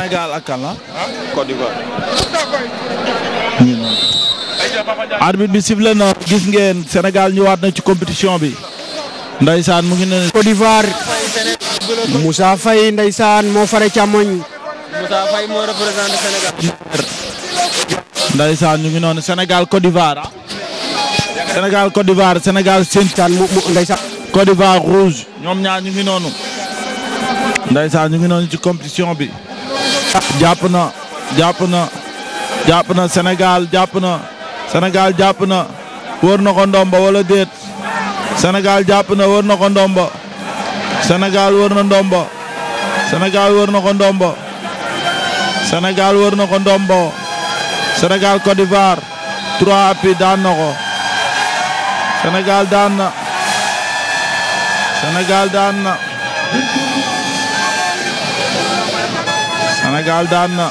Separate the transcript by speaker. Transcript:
Speaker 1: Sénégal ak kan la. Côte d'Ivoire. arbitre bi sifflé gis ngeen Sénégal ñëwaat na ci compétition bi. Ndeysaan mu ngi ne. Côte d'Ivoire. Moussa Faye Ndeysaan moo fare càmmoñ. Moussa Faye moo ñu ngi noonu Sénégal Côte d'Ivoire. Sénégal Côte d'Ivoire Sénégal seen. Ndeysaan Côte d'Ivoire rouge ñoom ñaar ñu ngi noonu. ndeysaan ñu ngi noonu ci compétition bi jàpp na jàpp na jàpp na Sénégal jàpp na Sénégal jàpp na wër na ko ndomba wala déet senegal jàpp na wër na ko ndomba Sénégal wër na ndomba senegal wër na ko ndomba senegal wër na ko ndombo senegal Côte d'Ivoire trois appuis daan na ko Sénégal daan na Sénégal daan na Sénégal daan na